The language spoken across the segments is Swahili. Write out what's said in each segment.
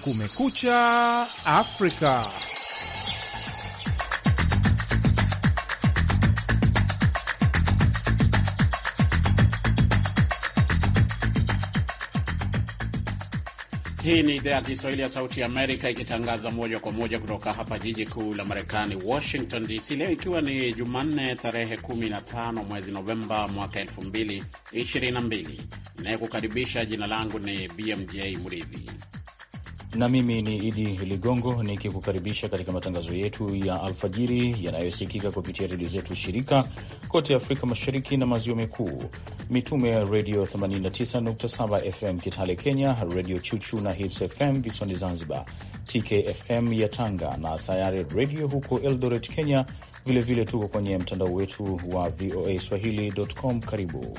Kumekucha Afrika. Hii ni idhaa ya Kiswahili ya Sauti ya Amerika ikitangaza moja kwa moja kutoka hapa jiji kuu la Marekani, Washington DC. Leo ikiwa ni Jumanne tarehe 15 mwezi Novemba mwaka 2022, inayekukaribisha jina langu ni BMJ Mridhi na mimi ni Idi Ligongo nikikukaribisha katika matangazo yetu ya alfajiri yanayosikika kupitia redio zetu shirika kote Afrika Mashariki na Maziwa Makuu: Mitume Redio 89.7 FM Kitale Kenya, Redio Chuchu na Hits FM visiwani Zanzibar, TKFM ya Tanga na Sayare Redio huko Eldoret, Kenya. Vilevile tuko kwenye mtandao wetu wa VOA swahili.com. Karibu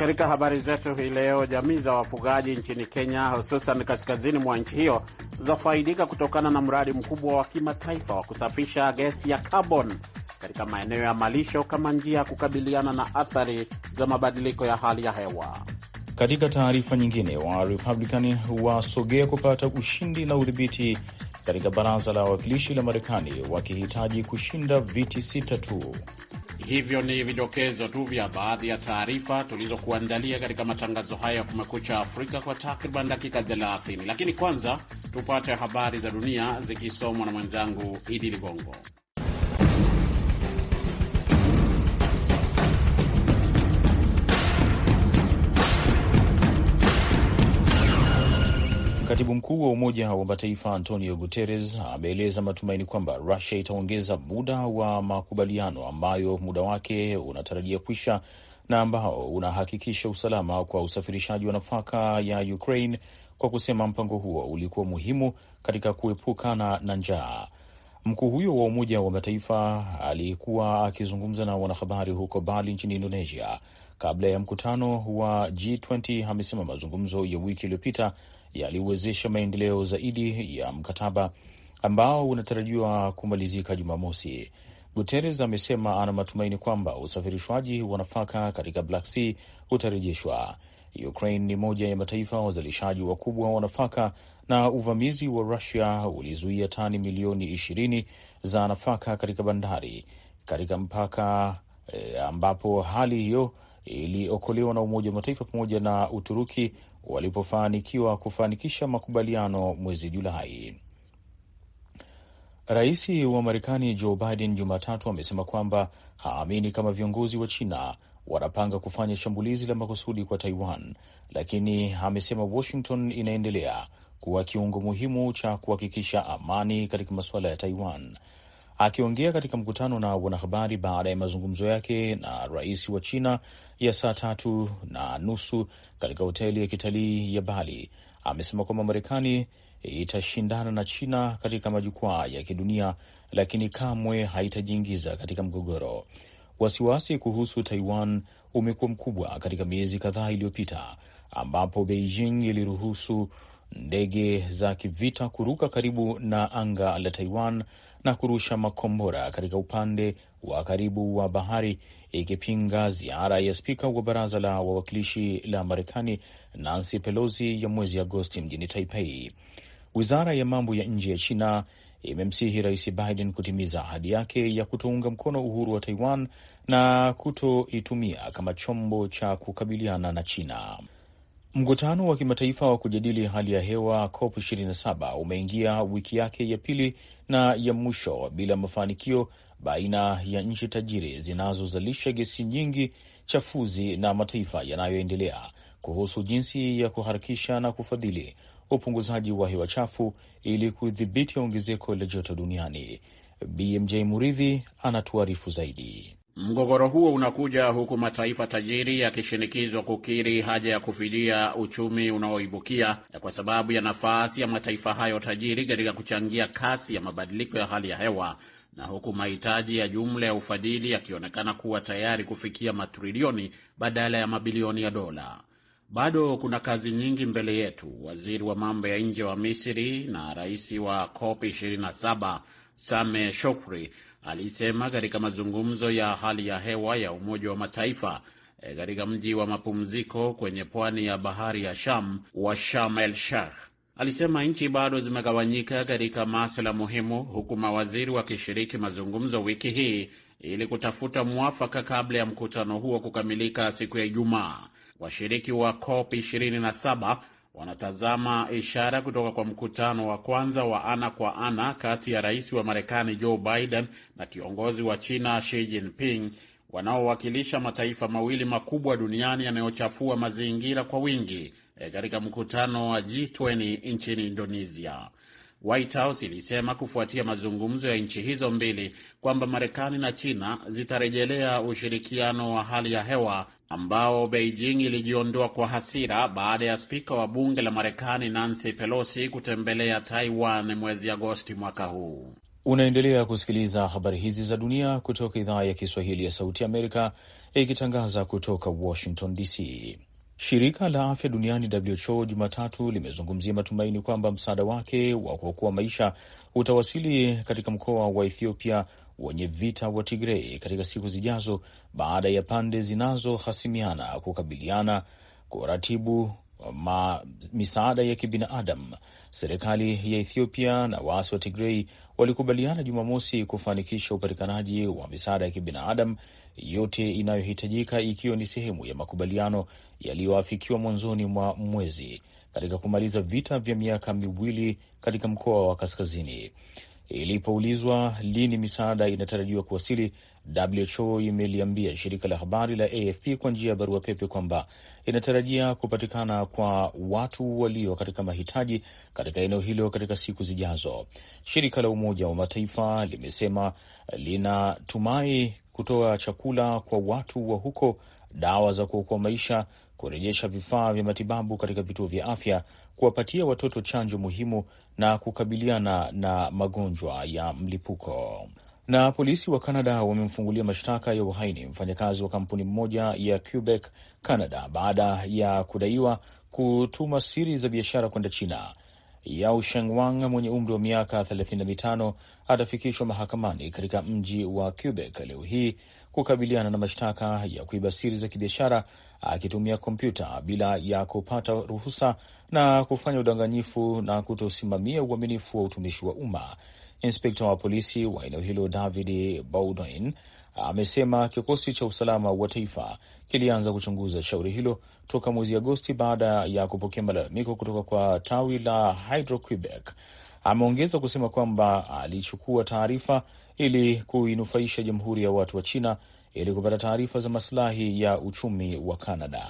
Katika habari zetu hii leo, jamii za wafugaji nchini Kenya, hususan kaskazini mwa nchi hiyo, zafaidika kutokana na mradi mkubwa wa kimataifa wa kusafisha gesi ya kabon katika maeneo ya malisho kama njia ya kukabiliana na athari za mabadiliko ya hali ya hewa. Katika taarifa nyingine, wa Republican wasogea kupata ushindi na udhibiti katika baraza la wawakilishi la Marekani, wakihitaji kushinda viti sita tu. Hivyo ni vidokezo tu vya baadhi ya taarifa tulizokuandalia katika matangazo haya ya Kumekucha Afrika kwa takriban dakika 30, lakini kwanza tupate habari za dunia zikisomwa na mwenzangu Idi Ligongo. Katibu mkuu wa Umoja wa Mataifa Antonio Guterres ameeleza matumaini kwamba Rusia itaongeza muda wa makubaliano ambayo muda wake unatarajia kwisha na ambao unahakikisha usalama kwa usafirishaji wa nafaka ya Ukraine kwa kusema mpango huo ulikuwa muhimu katika kuepukana na njaa. Mkuu huyo wa Umoja wa Mataifa alikuwa akizungumza na wanahabari huko Bali nchini Indonesia kabla ya mkutano wa G20. Amesema mazungumzo ya wiki iliyopita yaliwezesha maendeleo zaidi ya mkataba ambao unatarajiwa kumalizika Jumamosi. Guterres amesema ana matumaini kwamba usafirishwaji wa nafaka katika Black Sea utarejeshwa. Ukraine ni moja ya mataifa wazalishaji wakubwa wa nafaka na uvamizi wa Rusia ulizuia tani milioni ishirini za nafaka katika bandari katika mpaka e, ambapo hali hiyo iliokolewa na Umoja wa Mataifa pamoja na Uturuki walipofanikiwa kufanikisha makubaliano mwezi Julai. Rais wa Marekani Joe Biden Jumatatu amesema kwamba haamini kama viongozi wa China wanapanga kufanya shambulizi la makusudi kwa Taiwan, lakini amesema Washington inaendelea kuwa kiungo muhimu cha kuhakikisha amani katika masuala ya Taiwan. Akiongea katika mkutano na wanahabari baada ya mazungumzo yake na rais wa China ya saa tatu na nusu katika hoteli ya kitalii ya Bali, amesema kwamba Marekani itashindana na China katika majukwaa ya kidunia, lakini kamwe haitajiingiza katika mgogoro. Wasiwasi kuhusu Taiwan umekuwa mkubwa katika miezi kadhaa iliyopita, ambapo Beijing iliruhusu ndege za kivita kuruka karibu na anga la Taiwan na kurusha makombora katika upande wa karibu wa bahari, ikipinga ziara ya spika wa baraza la wawakilishi la Marekani Nancy Pelosi ya mwezi Agosti mjini Taipei. Wizara ya mambo ya nje ya China imemsihi Rais Biden kutimiza ahadi yake ya kutounga mkono uhuru wa Taiwan na kutoitumia kama chombo cha kukabiliana na China. Mkutano wa kimataifa wa kujadili hali ya hewa COP 27 umeingia wiki yake ya pili na ya mwisho bila mafanikio baina ya nchi tajiri zinazozalisha gesi nyingi chafuzi na mataifa yanayoendelea kuhusu jinsi ya kuharakisha na kufadhili upunguzaji wa hewa chafu ili kudhibiti ongezeko la joto duniani. BMJ Muridhi anatuarifu zaidi. Mgogoro huo unakuja huku mataifa tajiri yakishinikizwa kukiri haja ya kufidia uchumi unaoibukia kwa sababu ya nafasi ya mataifa hayo tajiri katika kuchangia kasi ya mabadiliko ya hali ya hewa na huku mahitaji ya jumla ya ufadhili yakionekana kuwa tayari kufikia matrilioni badala ya mabilioni ya dola. Bado kuna kazi nyingi mbele yetu, waziri wa mambo ya nje wa Misri na rais wa COP 27 Same Shoukry alisema katika mazungumzo ya hali ya hewa ya Umoja wa Mataifa e, katika mji wa mapumziko kwenye pwani ya bahari ya Sham wa Sham el Sheikh. Alisema nchi bado zimegawanyika katika masuala muhimu, huku mawaziri wakishiriki mazungumzo wiki hii ili kutafuta mwafaka kabla ya mkutano huo kukamilika siku ya Ijumaa. Washiriki wa COP 27 wanatazama ishara kutoka kwa mkutano wa kwanza wa ana kwa ana kati ya rais wa Marekani Joe Biden na kiongozi wa China Xi Jinping wanaowakilisha mataifa mawili makubwa duniani yanayochafua mazingira kwa wingi eh, katika e mkutano wa G20 nchini Indonesia. White House ilisema kufuatia mazungumzo ya nchi hizo mbili kwamba Marekani na China zitarejelea ushirikiano wa hali ya hewa ambao Beijing ilijiondoa kwa hasira baada ya spika wa bunge la Marekani Nancy Pelosi kutembelea Taiwan mwezi Agosti mwaka huu. Unaendelea kusikiliza habari hizi za dunia kutoka idhaa ya Kiswahili ya Sauti Amerika ikitangaza kutoka Washington DC. Shirika la Afya Duniani WHO Jumatatu limezungumzia matumaini kwamba msaada wake wa kuokoa maisha utawasili katika mkoa wa Ethiopia wenye vita wa Tigrei katika siku zijazo baada ya pande zinazohasimiana kukabiliana kuratibu ma misaada ya kibinadamu. Serikali ya Ethiopia na waasi wa Tigrei walikubaliana Jumamosi kufanikisha upatikanaji wa misaada ya kibinadamu yote inayohitajika ikiwa ni sehemu ya makubaliano yaliyoafikiwa mwanzoni mwa mwezi katika kumaliza vita vya miaka miwili katika mkoa wa kaskazini. Ilipoulizwa lini misaada inatarajiwa kuwasili, WHO imeliambia shirika la habari la AFP kwa njia ya barua pepe kwamba inatarajia kupatikana kwa watu walio katika mahitaji katika eneo hilo katika siku zijazo. Shirika la Umoja wa Mataifa limesema linatumai kutoa chakula kwa watu wa huko, dawa za kuokoa maisha, kurejesha vifaa vya matibabu katika vituo vya afya, kuwapatia watoto chanjo muhimu na kukabiliana na magonjwa ya mlipuko. Na polisi wa canada wamemfungulia mashtaka ya uhaini mfanyakazi wa kampuni moja ya Quebec, Canada, baada ya kudaiwa kutuma siri za biashara kwenda China. Yao Shengwang mwenye umri wa miaka 35 atafikishwa mahakamani katika mji wa Quebec leo hii kukabiliana na mashtaka ya kuiba siri za kibiashara akitumia kompyuta bila ya kupata ruhusa na kufanya udanganyifu na kutosimamia uaminifu wa utumishi wa umma. Inspekta wa polisi wa eneo hilo David Bowdoin amesema kikosi cha usalama wa taifa kilianza kuchunguza shauri hilo toka mwezi Agosti baada ya kupokea malalamiko kutoka kwa tawi la Hydro Quebec. Ameongeza kusema kwamba alichukua taarifa ili kuinufaisha Jamhuri ya Watu wa China ili kupata taarifa za masilahi ya uchumi wa Kanada.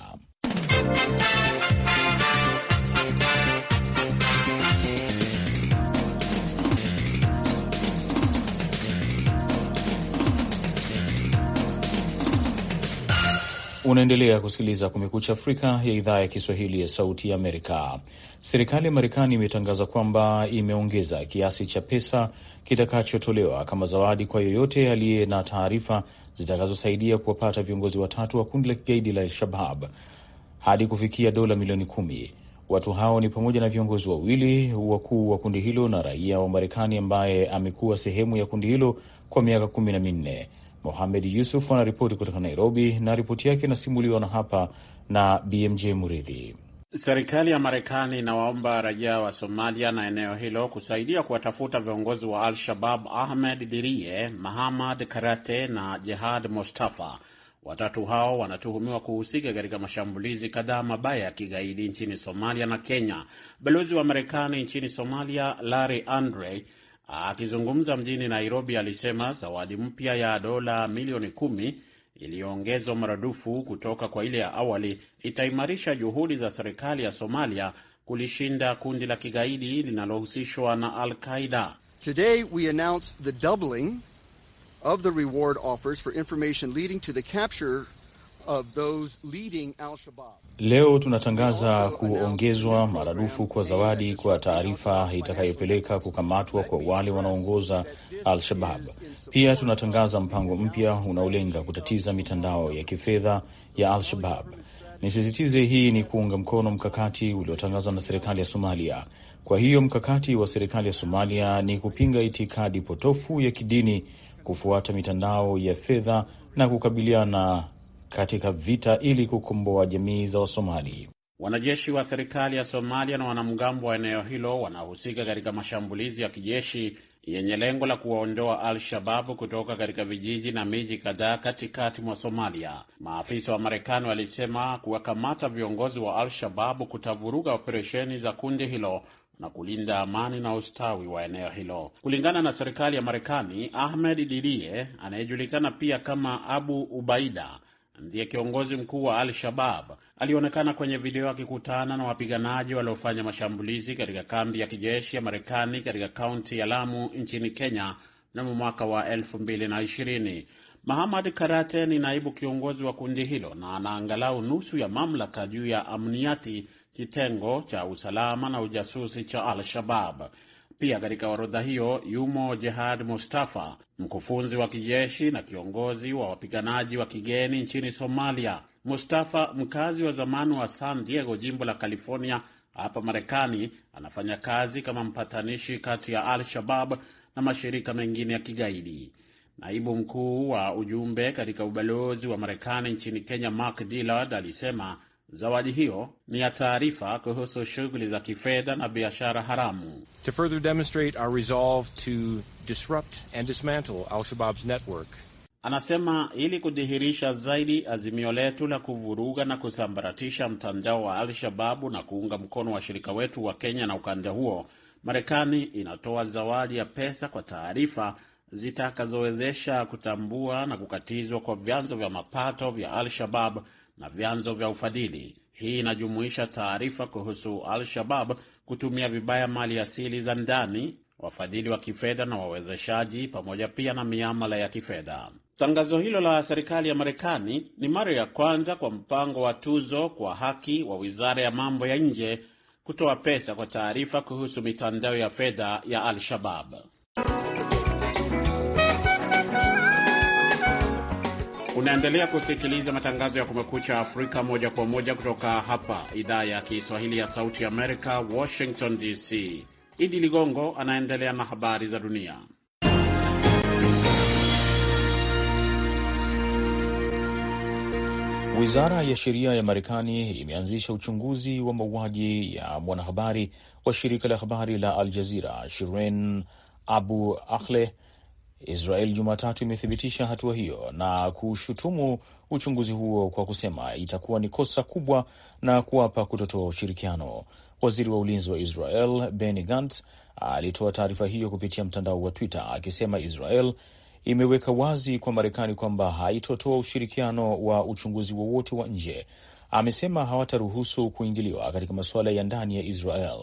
Unaendelea kusikiliza Kumekucha Afrika ya idhaa ya Kiswahili ya Sauti ya Amerika. Serikali ya Marekani imetangaza kwamba imeongeza kiasi cha pesa kitakachotolewa kama zawadi kwa yoyote aliye na taarifa zitakazosaidia kuwapata viongozi watatu wa kundi la kigaidi la Al-Shabab hadi kufikia dola milioni kumi. Watu hao ni pamoja na viongozi wawili wakuu wa kundi hilo na raia wa Marekani ambaye amekuwa sehemu ya kundi hilo kwa miaka kumi na minne. Mohamed Yusuf anaripoti kutoka Nairobi, na ripoti yake inasimuliwa na hapa na BMJ Muridhi. Serikali ya Marekani inawaomba raia wa Somalia na eneo hilo kusaidia kuwatafuta viongozi wa Al-Shabab Ahmed Dirie, Mahamad Karate na Jehad Mustafa. Watatu hao wanatuhumiwa kuhusika katika mashambulizi kadhaa mabaya ya kigaidi nchini Somalia na Kenya. Balozi wa Marekani nchini Somalia Larry Andre Akizungumza mjini Nairobi, alisema zawadi mpya ya dola milioni kumi iliyoongezwa maradufu kutoka kwa ile ya awali itaimarisha juhudi za serikali ya Somalia kulishinda kundi la kigaidi linalohusishwa na Al Qaida. Today we announce the doubling of the reward offers for information leading to the capture Leo tunatangaza kuongezwa maradufu kwa zawadi kwa taarifa itakayopeleka kukamatwa kwa wale wanaoongoza Al-Shabab. Pia tunatangaza mpango mpya unaolenga kutatiza mitandao ya kifedha ya Al-Shabab. Nisisitize, hii ni kuunga mkono mkakati uliotangazwa na serikali ya Somalia. Kwa hiyo mkakati wa serikali ya Somalia ni kupinga itikadi potofu ya kidini, kufuata mitandao ya fedha na kukabiliana katika vita ili kukomboa jamii za Wasomali. Wanajeshi wa serikali ya Somalia na wanamgambo wa eneo hilo wanahusika katika mashambulizi ya kijeshi yenye lengo la kuwaondoa Al-Shababu kutoka katika vijiji na miji kadhaa katikati mwa Somalia. Maafisa wa Marekani walisema kuwakamata viongozi wa Al-Shababu kutavuruga operesheni za kundi hilo na kulinda amani na ustawi wa eneo hilo. Kulingana na serikali ya Marekani, Ahmed Dirie anayejulikana pia kama Abu Ubaida ndiye kiongozi mkuu wa Al-Shabab alionekana kwenye video akikutana na wapiganaji waliofanya mashambulizi katika kambi ya kijeshi ya Marekani katika kaunti ya Lamu nchini Kenya mnamo mwaka wa 2020. Mahamad Karate ni naibu kiongozi wa kundi hilo na ana angalau nusu ya mamlaka juu ya amniati, kitengo cha usalama na ujasusi cha Al-Shabab. Pia katika orodha hiyo yumo Jehad Mustafa, mkufunzi wa kijeshi na kiongozi wa wapiganaji wa kigeni nchini Somalia. Mustafa, mkazi wa zamani wa San Diego, jimbo la California hapa Marekani, anafanya kazi kama mpatanishi kati ya Al-Shabab na mashirika mengine ya kigaidi. Naibu mkuu wa ujumbe katika ubalozi wa Marekani nchini Kenya, Mark Dillard, alisema Zawadi hiyo ni ya taarifa kuhusu shughuli za kifedha na biashara haramu. To further demonstrate our resolve to disrupt and dismantle al network. Anasema ili kudhihirisha zaidi azimio letu la kuvuruga na kusambaratisha mtandao wa Al-Shababu na kuunga mkono washirika wetu wa Kenya na ukanda huo, Marekani inatoa zawadi ya pesa kwa taarifa zitakazowezesha kutambua na kukatizwa kwa vyanzo vya mapato vya Al-Shabab na vyanzo vya ufadhili. Hii inajumuisha taarifa kuhusu Al-Shabab kutumia vibaya mali asili za ndani, wafadhili wa kifedha na wawezeshaji, pamoja pia na miamala ya kifedha. Tangazo hilo la serikali ya Marekani ni mara ya kwanza kwa mpango wa tuzo kwa haki wa wizara ya mambo ya nje kutoa pesa kwa taarifa kuhusu mitandao ya fedha ya Al-Shabab. Unaendelea kusikiliza matangazo ya Kumekucha Afrika moja kwa moja kutoka hapa idhaa ya Kiswahili ya Sauti Amerika, Washington DC. Idi Ligongo anaendelea na habari za dunia. Wizara ya sheria ya Marekani imeanzisha uchunguzi wa mauaji ya mwanahabari wa shirika la habari la Al Jazira Shireen Abu Akleh Israel Jumatatu imethibitisha hatua hiyo na kushutumu uchunguzi huo kwa kusema itakuwa ni kosa kubwa na kuwapa kutotoa ushirikiano. Waziri wa ulinzi wa Israel Benny Gantz alitoa taarifa hiyo kupitia mtandao wa Twitter akisema Israel imeweka wazi kwa Marekani kwamba haitotoa ushirikiano wa uchunguzi wowote wa, wa nje. Amesema hawataruhusu kuingiliwa katika masuala ya ndani ya Israel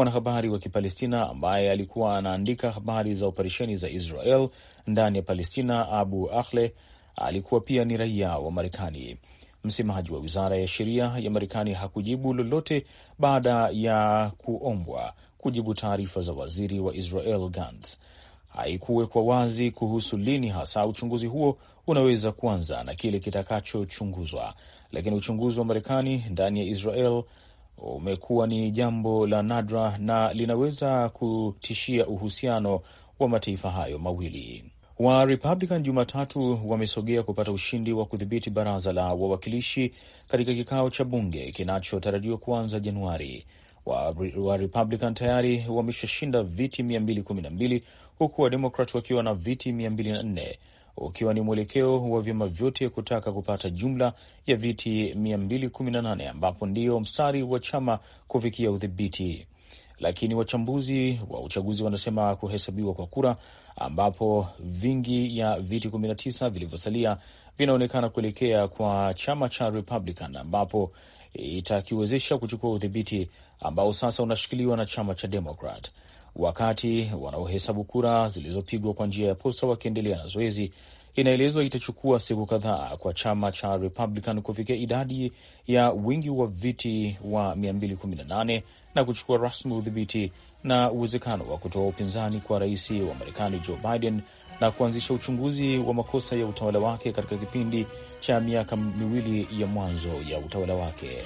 mwanahabari wa Kipalestina ambaye alikuwa anaandika habari za operesheni za Israel ndani ya Palestina. Abu Akhle alikuwa pia ni raia wa Marekani. Msemaji wa wizara ya sheria ya Marekani hakujibu lolote baada ya kuombwa kujibu taarifa za waziri wa Israel Gantz. Haikuwekwa wazi kuhusu lini hasa uchunguzi huo unaweza kuanza na kile kitakachochunguzwa, lakini uchunguzi wa Marekani ndani ya Israel umekuwa ni jambo la nadra na linaweza kutishia uhusiano wa mataifa hayo mawili. Wa Republican Jumatatu wamesogea kupata ushindi wa kudhibiti baraza la wawakilishi katika kikao cha bunge kinachotarajiwa kuanza Januari. Wa, wa Republican tayari wameshashinda viti 212 huku Wademokrat wakiwa na viti 204 ukiwa ni mwelekeo wa vyama vyote kutaka kupata jumla ya viti 218 ambapo ndiyo mstari wa chama kufikia udhibiti. Lakini wachambuzi wa uchaguzi wanasema kuhesabiwa kwa kura, ambapo vingi ya viti 19 vilivyosalia vinaonekana kuelekea kwa chama cha Republican, ambapo itakiwezesha kuchukua udhibiti ambao sasa unashikiliwa na chama cha Democrat wakati wanaohesabu kura zilizopigwa kwa njia ya posta wakiendelea na zoezi. Inaelezwa itachukua siku kadhaa kwa chama cha Republican kufikia idadi ya wingi wa viti wa 218 na kuchukua rasmi udhibiti na uwezekano wa kutoa upinzani kwa rais wa Marekani Joe Biden na kuanzisha uchunguzi wa makosa ya utawala wake katika kipindi cha miaka miwili ya mwanzo ya utawala wake.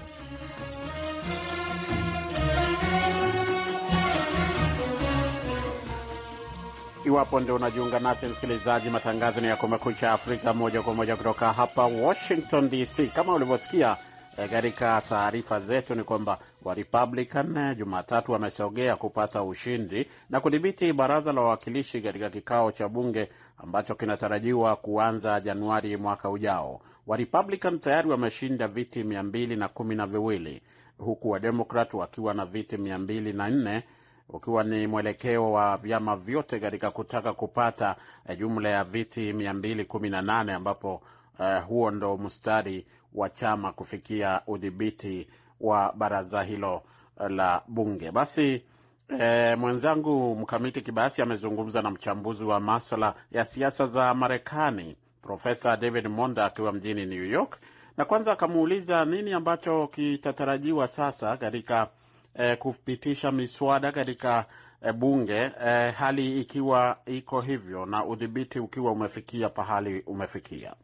Iwapo ndio unajiunga nasi, msikilizaji, matangazo ni ya Kumekucha Afrika moja kwa moja kutoka hapa Washington DC. Kama ulivyosikia eh, katika e, taarifa zetu ni kwamba Warepublican eh, Jumatatu wamesogea kupata ushindi na kudhibiti baraza la wawakilishi katika kikao cha bunge ambacho kinatarajiwa kuanza Januari mwaka ujao. warpblican tayari wameshinda viti mia mbili na kumi na viwili huku Wademokrat wakiwa na viti mia mbili na nne ukiwa ni mwelekeo wa vyama vyote katika kutaka kupata eh, jumla ya viti 218 ambapo uh, huo ndo mstari wa chama kufikia udhibiti wa baraza hilo eh, la bunge. Basi eh, mwenzangu Mkamiti Kibasi amezungumza na mchambuzi wa maswala ya siasa za Marekani Profesa David Monda akiwa mjini New York, na kwanza akamuuliza nini ambacho kitatarajiwa sasa katika eh, kupitisha miswada katika eh, bunge eh, hali ikiwa iko hivyo na udhibiti ukiwa umefikia pahali umefikia.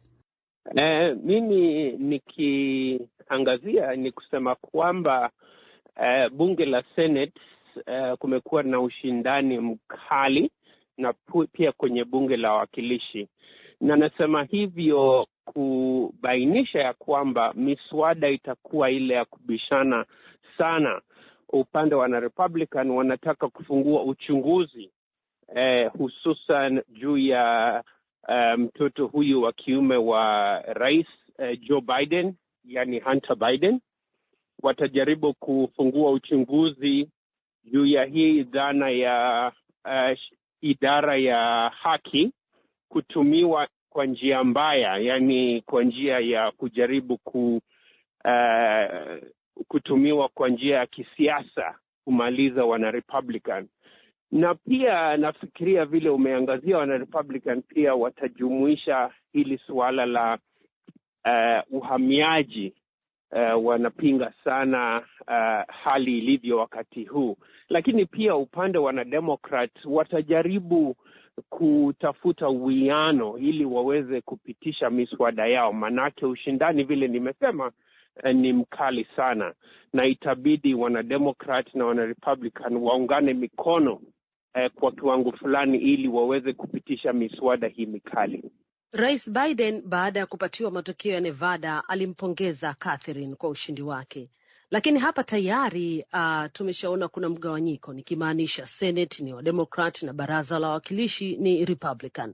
Eh, mimi nikiangazia ni kusema kwamba eh, bunge la Senate eh, kumekuwa na ushindani mkali na pia kwenye bunge la wawakilishi, na nasema hivyo kubainisha ya kwamba miswada itakuwa ile ya kubishana sana upande wa wanarepublican wanataka kufungua uchunguzi eh, hususan juu ya eh, mtoto um, huyu wa kiume wa rais eh, Joe Biden, yani Hunter Biden. Watajaribu kufungua uchunguzi juu ya hii dhana ya uh, idara ya haki kutumiwa kwa njia mbaya, yani kwa njia ya kujaribu ku uh, kutumiwa kwa njia ya kisiasa kumaliza wanarepublican na pia nafikiria vile umeangazia wanarepublican pia watajumuisha hili suala la uh, uhamiaji uh, wanapinga sana uh, hali ilivyo wakati huu, lakini pia upande wa wanademokrat watajaribu kutafuta uwiano ili waweze kupitisha miswada yao, maanake ushindani vile nimesema Eh, ni mkali sana, na itabidi wanademokrat na wanarepublican waungane mikono eh, kwa kiwango fulani ili waweze kupitisha miswada hii mikali. Rais Biden baada ya kupatiwa matokeo ya Nevada alimpongeza Catherine kwa ushindi wake, lakini hapa tayari uh, tumeshaona kuna mgawanyiko, nikimaanisha Senate ni wademokrat na baraza la wawakilishi ni Republican.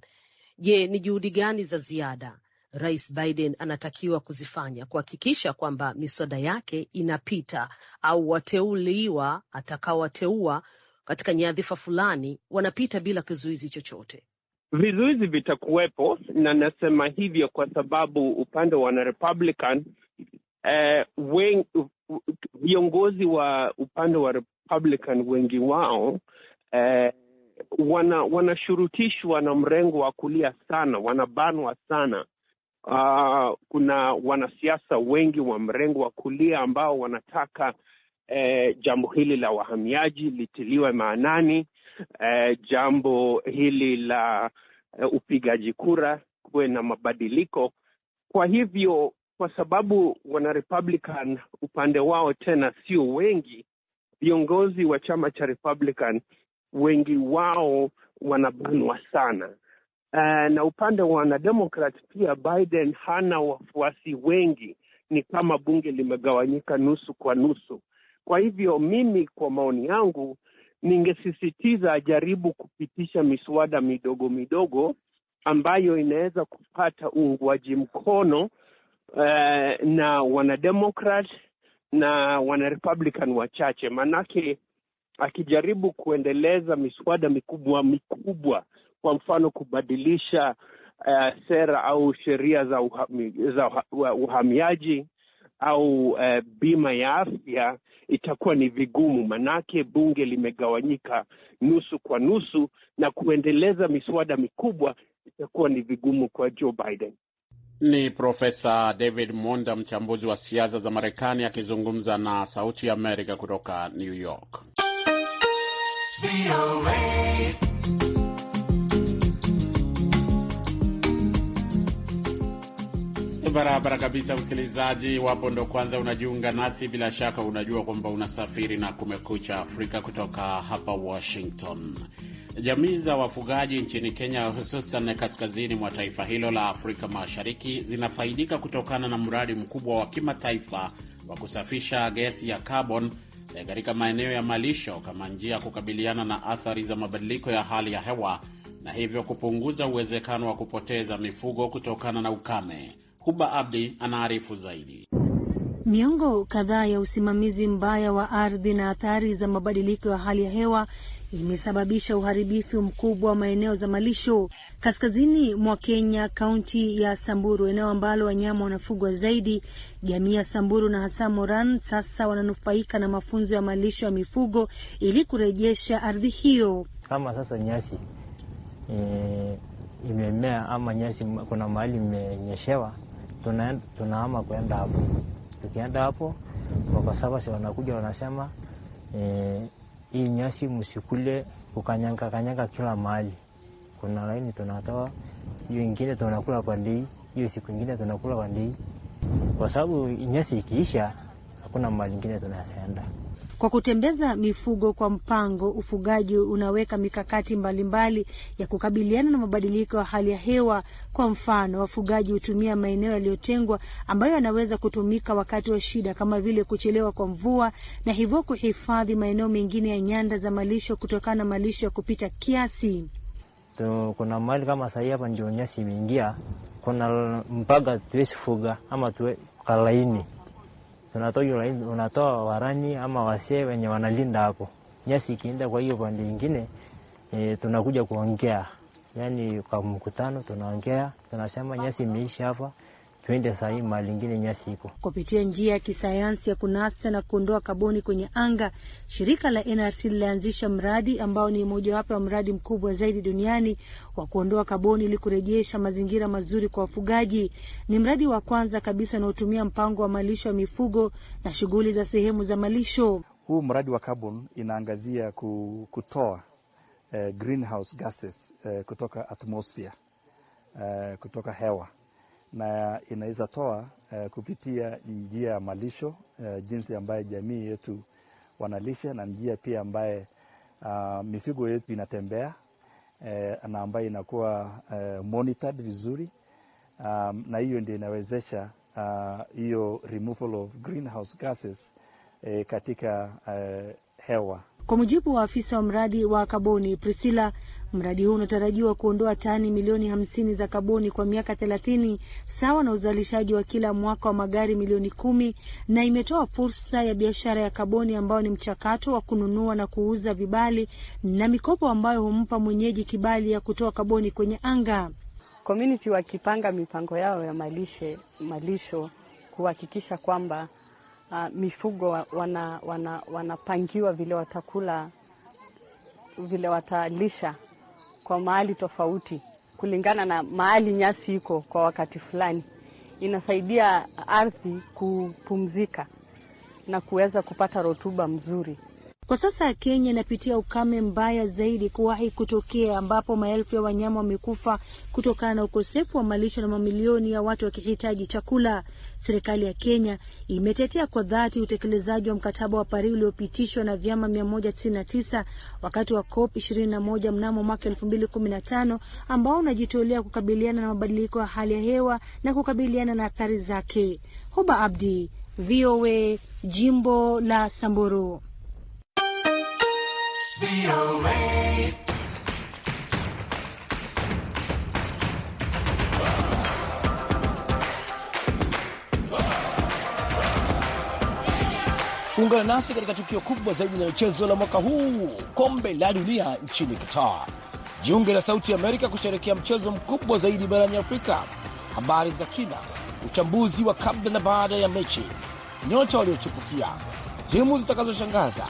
Je, ni juhudi gani za ziada Rais Biden anatakiwa kuzifanya kuhakikisha kwamba miswada yake inapita au wateuliwa atakawateua katika nyadhifa fulani wanapita bila kizuizi chochote. Vizuizi vitakuwepo, na nasema hivyo kwa sababu upande wa wanarepublican eh, wen, viongozi wa upande wa Republican wengi wao eh, wanashurutishwa wana na mrengo wa kulia sana, wanabanwa sana uh, kuna wanasiasa wengi wa mrengo wa kulia ambao wanataka eh, jambo hili la wahamiaji litiliwe maanani, eh, jambo hili la eh, upigaji kura kuwe na mabadiliko. Kwa hivyo kwa sababu wana Republican upande wao tena sio wengi, viongozi wa chama cha Republican wengi wao wanabanwa sana. Eh, na upande wa wanademokrat pia Biden hana wafuasi wengi, ni kama bunge limegawanyika nusu kwa nusu. Kwa hivyo mimi, kwa maoni yangu, ningesisitiza ajaribu kupitisha miswada midogo midogo ambayo inaweza kupata uungwaji mkono uh, na wanademokrat na wanarepublican wachache, manake akijaribu kuendeleza miswada mikubwa mikubwa kwa mfano kubadilisha uh, sera au sheria za, uhami, za uh, uhamiaji au uh, bima ya afya itakuwa ni vigumu, manake bunge limegawanyika nusu kwa nusu, na kuendeleza miswada mikubwa itakuwa ni vigumu kwa Joe Biden. Ni Profesa David Monda, mchambuzi wa siasa za Marekani, akizungumza na Sauti ya Amerika kutoka New York. Barabara kabisa, msikilizaji. wapo ndo kwanza unajiunga nasi, bila shaka unajua kwamba unasafiri na Kumekucha Afrika kutoka hapa Washington. Jamii za wafugaji nchini Kenya, hususan kaskazini mwa taifa hilo la Afrika Mashariki, zinafaidika kutokana na mradi mkubwa wa kimataifa wa kusafisha gesi ya carbon eh, katika maeneo ya malisho kama njia ya kukabiliana na athari za mabadiliko ya hali ya hewa na hivyo kupunguza uwezekano wa kupoteza mifugo kutokana na ukame. Huba Abdi anaarifu zaidi. Miongo kadhaa ya usimamizi mbaya wa ardhi na athari za mabadiliko ya hali ya hewa imesababisha uharibifu mkubwa wa maeneo za malisho kaskazini mwa Kenya, kaunti ya Samburu, eneo ambalo wanyama wanafugwa zaidi. Jamii ya Samburu na hasa Moran sasa wananufaika na mafunzo ya malisho ya mifugo ili kurejesha ardhi hiyo. Kama sasa nyasi e, imemea ama nyasi kuna mahali imenyeshewa tunaama tunahama kwenda hapo. Tukienda hapo wakasabasi wanakuja wanasema eh, hii nyasi msikule kukanyanga kanyanga kila mahali. Kuna laini tunatoa hiyo ingine tunakula kwa ndii, hiyo siku ingine tunakula kwa ndii, kwa sababu nyasi ikiisha hakuna mahali ingine tunaenda. Kwa kutembeza mifugo kwa mpango, ufugaji unaweka mikakati mbalimbali ya kukabiliana na mabadiliko ya hali ya hewa. Kwa mfano, wafugaji hutumia maeneo yaliyotengwa ambayo yanaweza kutumika wakati wa shida kama vile kuchelewa kwa mvua, na hivyo kuhifadhi maeneo mengine ya nyanda za malisho kutokana na malisho ya kupita kiasi. To, kuna mali kama sahii hapa ndio nyasi imeingia, kuna mpaka tuwezi fuga ama tuwe kalaini unatoa warani ama wasee wenye wanalinda hapo nyasi ikienda. Kwa hiyo pande nyingine e, tunakuja kuongea, yani kwa mkutano tunaongea, tunasema nyasi imeisha hapa tuende sahii mahali ingine nyasi iko. Kupitia njia ya kisayansi ya kunasa na kuondoa kaboni kwenye anga, shirika la nrt lilianzisha mradi ambao ni mojawapo ya mradi mkubwa zaidi duniani wa kuondoa kaboni ili kurejesha mazingira mazuri kwa wafugaji. Ni mradi wa kwanza kabisa unaotumia mpango wa malisho ya mifugo na shughuli za sehemu za malisho. Huu mradi wa carbon inaangazia kutoa eh, greenhouse gases eh, kutoka atmosphere eh, kutoka hewa na inaweza toa eh, kupitia njia ya malisho eh, jinsi ambaye jamii yetu wanalisha na njia pia ambaye uh, mifugo yetu inatembea eh, na ambayo inakuwa eh, monitored vizuri um, na hiyo ndio inawezesha ah, hiyo uh, removal of greenhouse gases eh, katika eh, hewa. Kwa mujibu wa afisa wa mradi wa kaboni Priscilla, mradi huu unatarajiwa kuondoa tani milioni hamsini za kaboni kwa miaka thelathini sawa na uzalishaji wa kila mwaka wa magari milioni kumi na imetoa fursa ya biashara ya kaboni ambayo ni mchakato wa kununua na kuuza vibali na mikopo ambayo humpa mwenyeji kibali ya kutoa kaboni kwenye anga. Community wakipanga mipango yao ya malishe, malisho kuhakikisha kwamba uh, mifugo wana, wana, wanapangiwa vile watakula vile watalisha kwa mahali tofauti kulingana na mahali nyasi iko kwa wakati fulani. Inasaidia ardhi kupumzika na kuweza kupata rutuba mzuri. Kwa sasa Kenya inapitia ukame mbaya zaidi kuwahi kutokea, ambapo maelfu ya wanyama wamekufa kutokana na ukosefu wa malisho na mamilioni ya watu wakihitaji chakula. Serikali ya Kenya imetetea kwa dhati utekelezaji wa mkataba wa Paris uliopitishwa na vyama 199 wakati wa COP 21 mnamo mwaka 2015 ambao unajitolea kukabiliana na mabadiliko ya hali ya hewa na kukabiliana na athari zake. Hoba Abdi, VOA, jimbo la Samburu. Ungana nasi katika tukio kubwa zaidi la michezo la mwaka huu, kombe la dunia nchini Qatar. Jiunge la Sauti Amerika kusherekea mchezo mkubwa zaidi barani Afrika. Habari za kina, uchambuzi wa kabla na baada ya mechi, nyota waliochipukia, timu zitakazoshangaza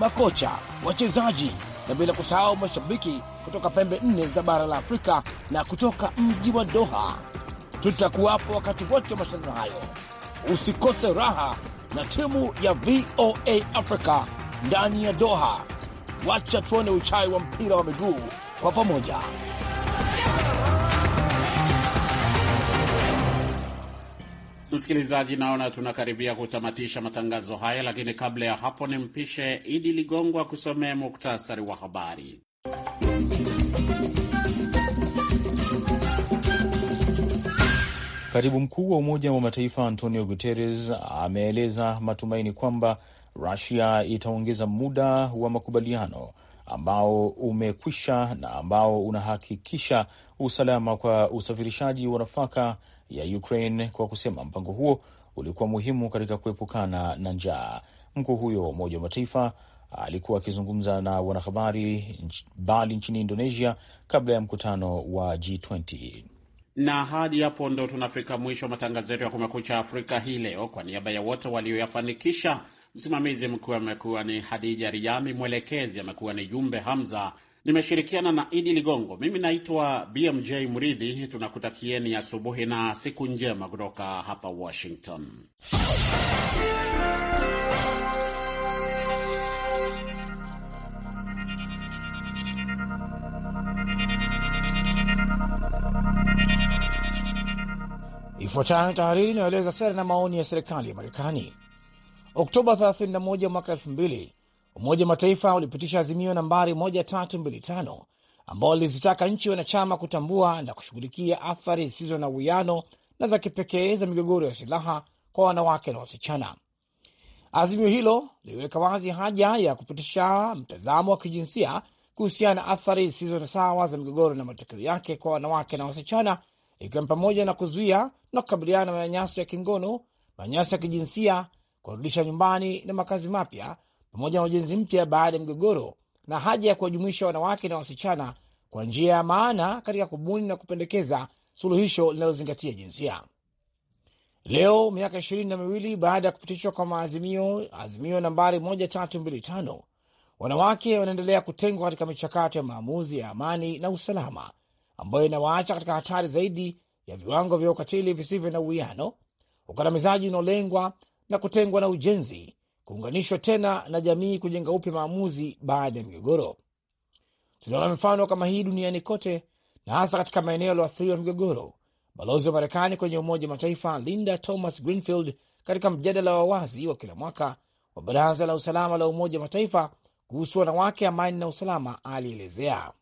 makocha, wachezaji na bila kusahau mashabiki kutoka pembe nne za bara la Afrika na kutoka mji wa Doha. Tutakuwapo wakati wote wa mashindano hayo. Usikose raha na timu ya VOA Africa ndani ya Doha. Wacha tuone uchai wa mpira wa miguu kwa pamoja. Msikilizaji, naona tunakaribia kutamatisha matangazo haya, lakini kabla ya hapo ni mpishe Idi Ligongo kusomea muktasari wa habari. Katibu mkuu wa Umoja wa Mataifa Antonio Guterres ameeleza matumaini kwamba Rusia itaongeza muda wa makubaliano ambao umekwisha na ambao unahakikisha usalama kwa usafirishaji wa nafaka ya Ukraine, kwa kusema mpango huo ulikuwa muhimu katika kuepukana na njaa. Mkuu huyo wa Umoja wa Mataifa alikuwa akizungumza na wanahabari Bali nchini Indonesia kabla ya mkutano wa G20 na hadi hapo ndo tunafika mwisho matangazo yetu ya Kumekucha Afrika hii leo. Kwa niaba ya wote walioyafanikisha Msimamizi mkuu amekuwa ni Hadija Riami, mwelekezi amekuwa ni Jumbe Hamza. Nimeshirikiana na Idi Ligongo. Mimi naitwa BMJ Mridhi. Tunakutakieni asubuhi na siku njema kutoka hapa Washington. Ifuatayo tahariri inayoeleza sera na maoni ya serikali ya Marekani. Oktoba 31 mwaka 2000 Umoja wa Mataifa ulipitisha azimio nambari 1325 ambao lilizitaka nchi wanachama kutambua na kushughulikia athari zisizo na uwiano na za kipekee za migogoro ya silaha kwa wanawake na wasichana. Azimio hilo liliweka wazi haja ya kupitisha mtazamo wa kijinsia kuhusiana na athari zisizo na sawa za migogoro na matokeo yake kwa wanawake na wasichana, ikiwa ni pamoja na kuzuia na kukabiliana na manyanyaso ya kingono, manyanyaso ya kijinsia kuwarudisha nyumbani na makazi mapya, pamoja na ujenzi mpya baada ya mgogoro na haja ya kuwajumuisha wanawake na wasichana kwa njia ya maana katika kubuni na kupendekeza suluhisho linalozingatia jinsia. Leo miaka ishirini na miwili baada ya kupitishwa kwa maazimio azimio nambari 1325 wanawake wanaendelea kutengwa katika michakato ya maamuzi ya amani na usalama ambayo inawaacha katika hatari zaidi ya viwango vya ukatili visivyo na uwiano, ukandamizaji unaolengwa na kutengwa na ujenzi, kuunganishwa tena na jamii, kujenga upya maamuzi baada ya migogoro. Tunaona mifano kama hii duniani kote na hasa katika maeneo yaliyoathiriwa migogoro. Balozi wa Marekani kwenye Umoja wa Mataifa Linda Thomas Greenfield, katika mjadala wa wazi wa kila mwaka wa Baraza la Usalama la Umoja wa Mataifa kuhusu wanawake, amani na usalama, alielezea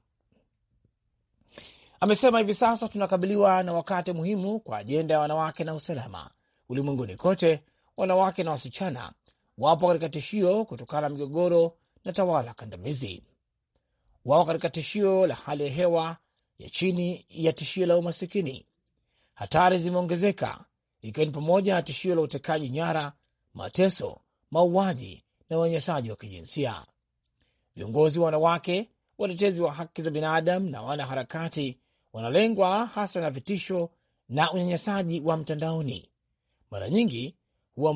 amesema, hivi sasa tunakabiliwa na wakati muhimu kwa ajenda ya wanawake na usalama ulimwenguni kote wanawake na wasichana wapo katika tishio kutokana na migogoro na tawala kandamizi. Wao katika tishio la hali ya hewa ya chini ya tishio la umasikini. Hatari zimeongezeka, ikiwa ni pamoja na tishio la utekaji nyara, mateso, mauaji na unyanyasaji wa kijinsia. Viongozi wa wanawake, watetezi wa haki za binadamu na wanaharakati wanalengwa hasa na vitisho na unyanyasaji wa mtandaoni. Mara nyingi wa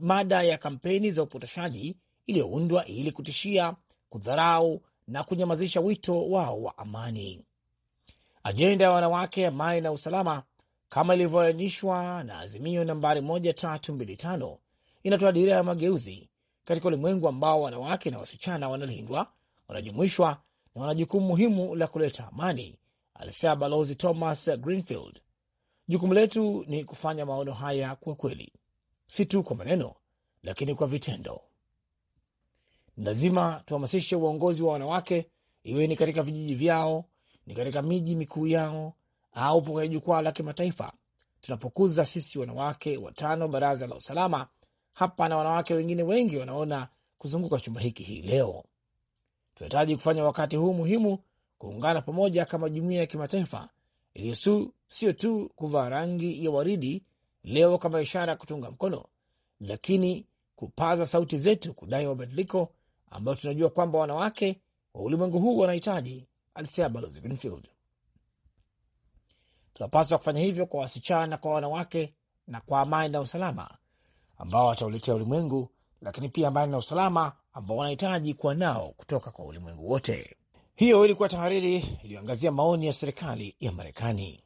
mada ya kampeni za upotoshaji iliyoundwa ili kutishia, kudharau na kunyamazisha wito wao wa amani. Ajenda ya wanawake, amani na usalama, kama ilivyoainishwa na azimio nambari 1325 inatoa dira ya mageuzi katika ulimwengu ambao wanawake na wasichana wanalindwa, wanajumuishwa na wana jukumu muhimu la kuleta amani, alisema Balozi Thomas Greenfield. Jukumu letu ni kufanya maono haya kwa kweli si tu kwa maneno, lakini kwa vitendo. Ni lazima tuhamasishe uongozi wa wanawake, iwe ni katika vijiji vyao, ni katika miji mikuu yao, au kwenye jukwaa la kimataifa. Tunapokuza sisi wanawake watano baraza la usalama hapa, na wanawake wengine wengi wanaona kuzunguka chumba hiki hii leo. Tunahitaji kufanya wakati huu muhimu kuungana pamoja kama jumuiya ya kimataifa, ili sio tu kuvaa rangi ya waridi leo kama ishara ya kutunga mkono, lakini kupaza sauti zetu kudai mabadiliko ambayo tunajua kwamba wanawake wa ulimwengu huu wanahitaji, alisema Balozi Greenfield. Tunapaswa kufanya hivyo kwa wasichana, kwa wanawake, na kwa amani na usalama ambao watauletea ulimwengu, lakini pia amani na usalama ambao wanahitaji kuwa nao kutoka kwa ulimwengu wote. Hiyo ilikuwa tahariri iliyoangazia maoni ya serikali ya Marekani.